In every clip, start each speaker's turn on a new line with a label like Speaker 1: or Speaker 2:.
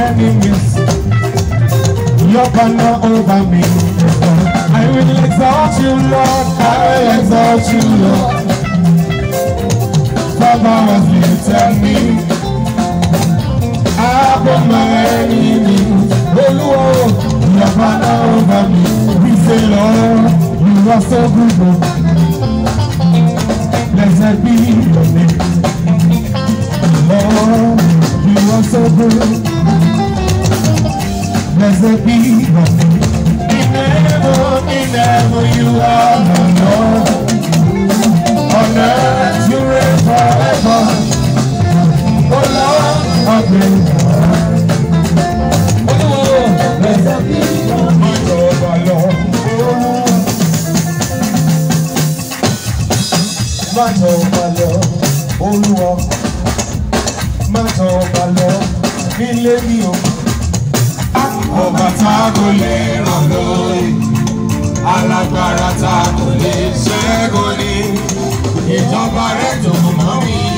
Speaker 1: enemies. Your banner over me. I will exalt you, Lord. I will exalt you, Lord. Baba has lifted me. Up on my enemies. Lord, your banner over me. We say, Lord, you are so good. Lord. Blessed be your name. Lord, you are so good. Blessed be your name. Inevitable, inevitable, you are the Lord. On earth you reign forever. Oh Lord, I pray. alágbára ta kò lè ṣẹ́gun ni ìjọba rẹ̀ tó mọ́ mi.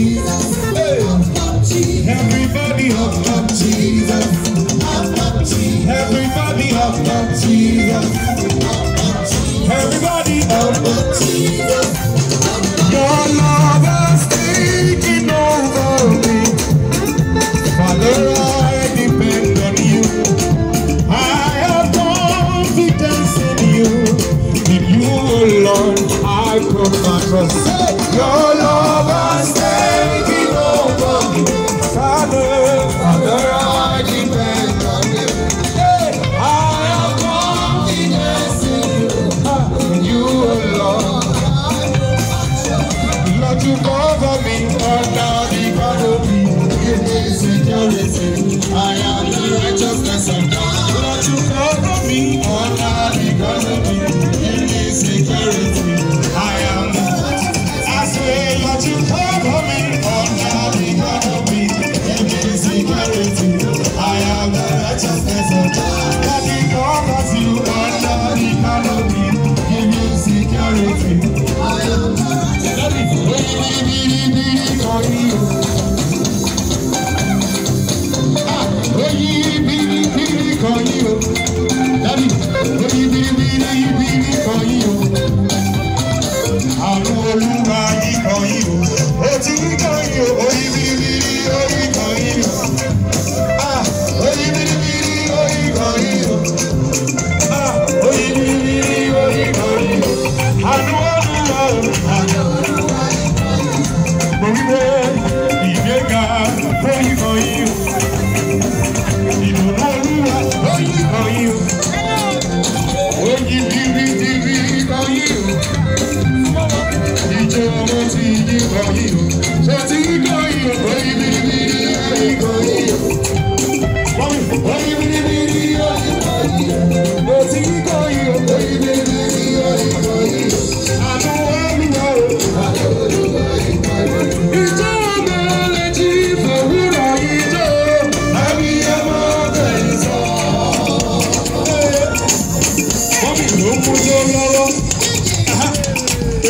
Speaker 1: Hey. up up Jesus. Everybody up up Jesus. Everybody up up Jesus. Your love over me. Father, I depend on you. I have in you. In you I put my trust. Your I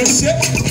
Speaker 1: Monsieur.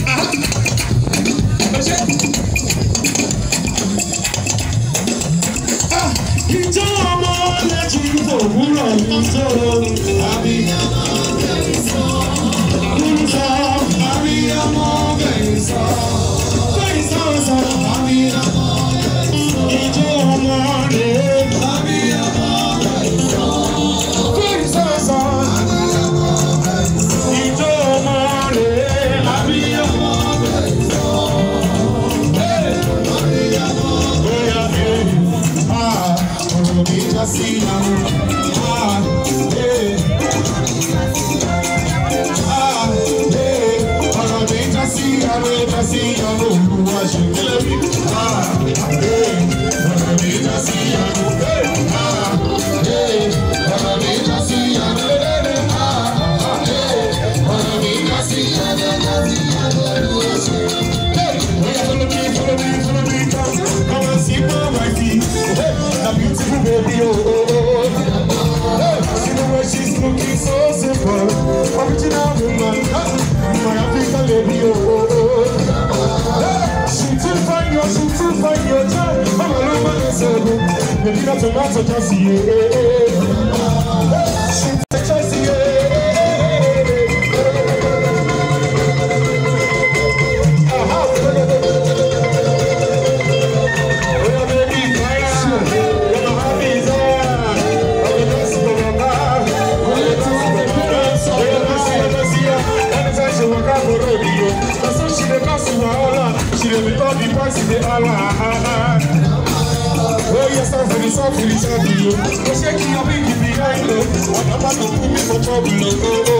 Speaker 1: kiri sọ́ọ̀bù lo ó ṣe kí ọbí ìdìbì náà lò ọ̀nà bá lò fún mi fọ́fọ́ bù lò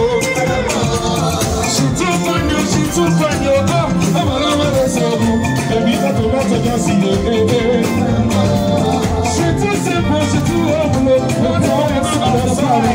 Speaker 1: ó. ṣùtú fani o ṣùtú fani o kọ́ ọmọ ọlọ́wọ́ lọ sọ ọ́bù ẹ̀mí tọ́tò mẹ́tọ̀ jọ sí lò ó. ṣùtú sẹ́pọ̀ ṣùtú ọ̀bù lò ó ní wọ́n yẹn sọ̀rọ̀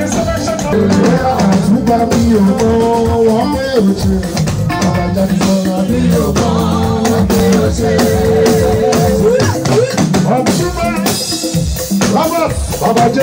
Speaker 1: Nígbà mi ò mọ wọ́n pé òṣè, àbájá ti sọ̀rọ̀ mi ò mọ wọ́n pé òṣè. Ọ̀túnbẹ̀ Robert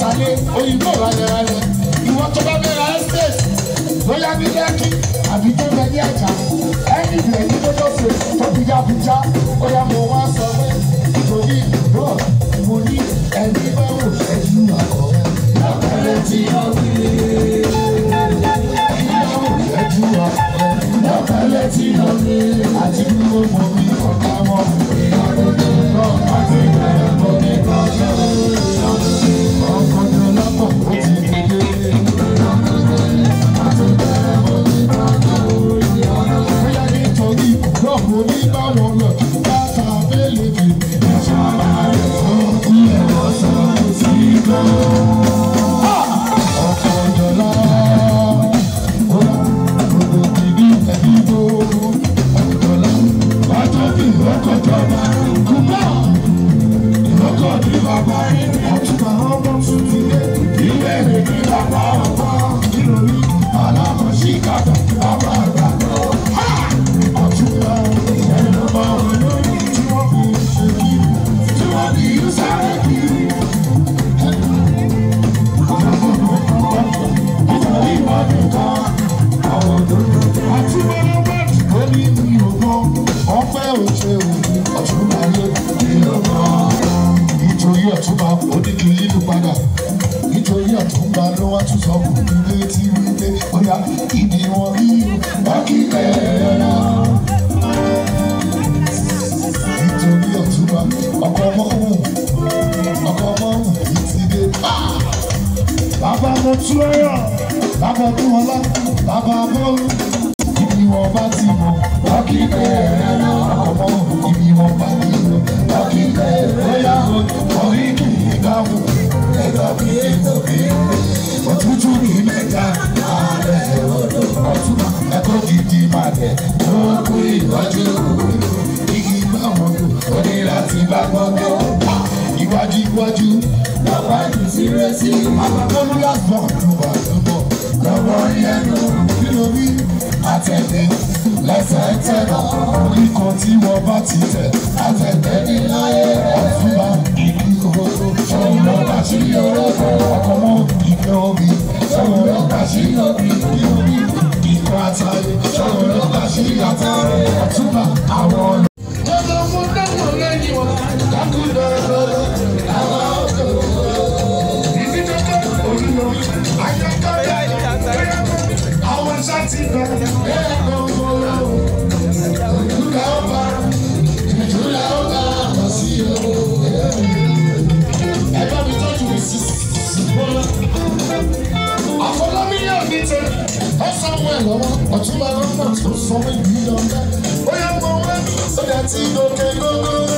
Speaker 1: talé òyìnbó ralẹ̀ralẹ̀ ìwọ tó bá bẹ̀rẹ̀ estate bóyá ní lẹ́kì àbí tó bẹ ní ẹ̀já ẹni ìbẹ̀rẹ̀ ní lọ́dọ̀ ṣe tó fi já fi já ó yá mo wá sọ pé nítorí ìbúrò mo ní ẹni bá wò ṣẹ́jú àkọ́ lápẹ̀rẹ̀ tí ó kéré ẹni bá wò ṣẹ́jú àkọ́ ìdọ̀kẹ́lẹ́ tí mo ní àti kúrò mọ́ mi ọ̀gá mọ́ mi ọdún tó ń bọ̀ àti bẹ̀rẹ̀ mọ́ mi kọjá ọkọ̀ tó lọ́pọ̀ ó ti ní dé. Bóyá nítorí lọ́kùnrin báwọn lọ. ìgbà ló wá tún sọ kù mí létí wípé ọ̀yà ìdí wọn rí dákìlẹ̀ ẹ̀rọ. nítorí ọ̀túnba ọkọ̀ ọmọ òun ọkọ̀ ọmọ òun yìí ti dé. bàbá mo tún ọyọ bàbá ọdún ọlá bàbá bọ́ọ̀lù ibi wọn bá ti mọ dákìlẹ̀ ẹ̀rọ. ọkọ̀ ọmọ òun ibi wọn bá ti mọ dákìlẹ̀ ẹ̀rọ. ọ̀yà orí kì ẹ̀dá kì í òtútù ní mẹ́ta ààrẹ odò ọ̀túnba ẹ̀kọ́ gidi máa tẹ̀ ó kú ìwájú igi báwọn lò ó ní láti bá gbọ́dọ̀ iwájú iwájú bàbá yìí sí rẹ́sì àbábọ́lú lásán ló bá lọ́bọ̀ lọ́wọ́ yẹnu nítorí àtẹ̀lé lẹ́sẹ̀ tẹ̀lé orí kan tí wọ́n bá ti tẹ̀ àtẹ̀lé ní láyé ọ̀túnba ìlú òhòhò ṣòwò bá sí yọ̀rọ̀ ọkọ̀ mọ́. Naomi, sọ̀rọ̀ lọ́kà sí Naomi, Naomi, ìgbà àtàlẹ̀, sọ̀rọ̀ lọ́kà sí àtàrẹ̀, àtúbà àwọn ọ̀nà. Tọ́lọ́ mú dákùn lẹ́yìn wọn, dákùn lọ́rọ̀ àwọn ọ̀dọ́. Ìdí dọ́kọ̀ òun lọ, àyàkọ́ àwọn sátì lọ. lọ́wọ́ ọ̀túnba lọ́nà tó sọ mí yìí lọ́dẹ. ó yẹ kó wá ó dẹ̀ ti gòkè gógó.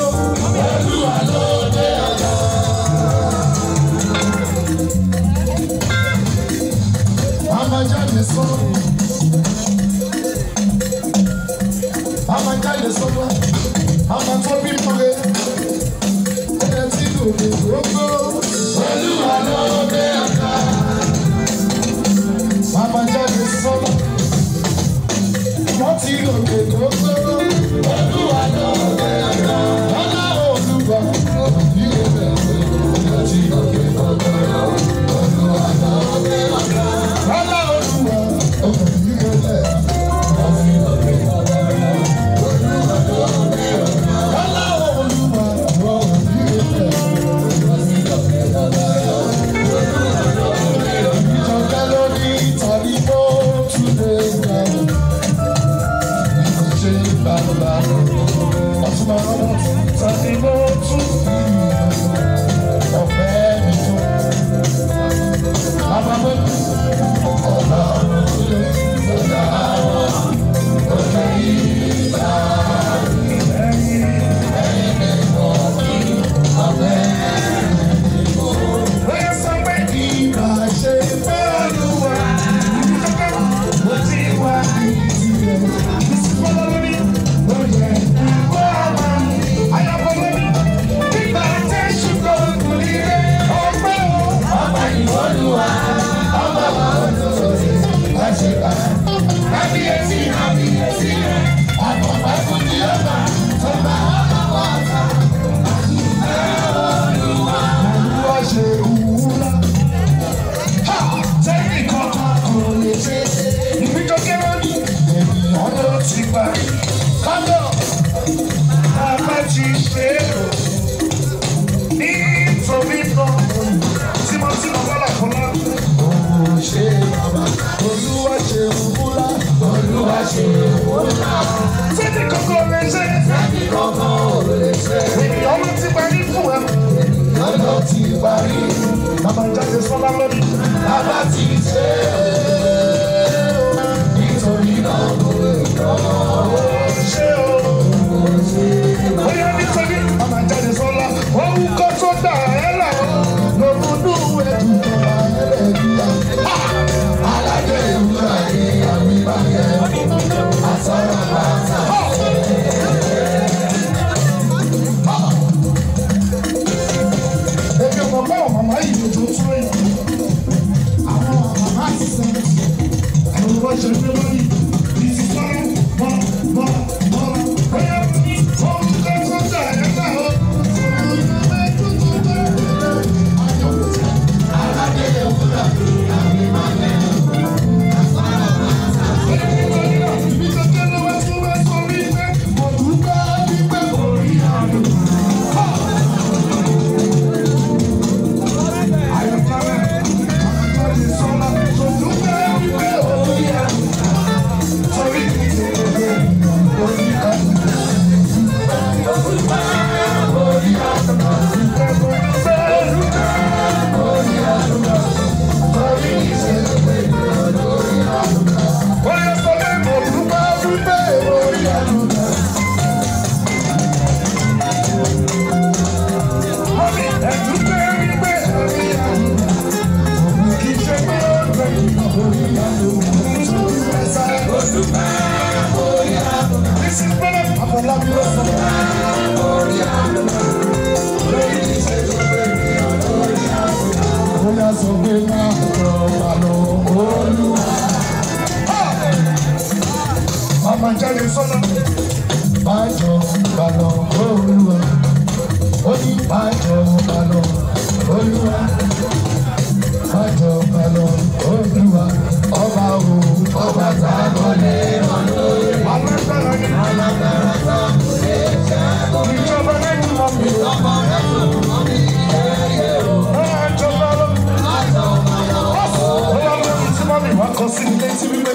Speaker 1: oba oba máa jáde sọ́nà. Bájọ balọ̀ olúwa, ó ní bájọ balọ̀ olúwa. Bájọ balọ̀ olúwa, ọba o, ọba tá a kọ́ lé wọn lórí. Alágbára ni. Alágbára tó kù lè ṣẹ́gun. Ìjọba lẹ́nu mọ̀ mi. Ìjọba lẹ́nu mọ̀ mi. Ó yá mọ̀ mi tí mọ̀ mi wá kọ sí ilé tí wípé,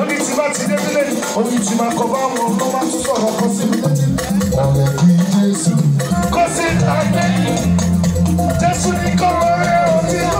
Speaker 1: ó ní tí bá ti dé nílé oníjì máa kọ bá wọn lọ máa tún sọ̀rọ̀ kan sí mi létí. ọ̀rẹ́ kí Jésù. kó sí ìdájẹ́ Jésù ní kọ́ lórí ọtí náà.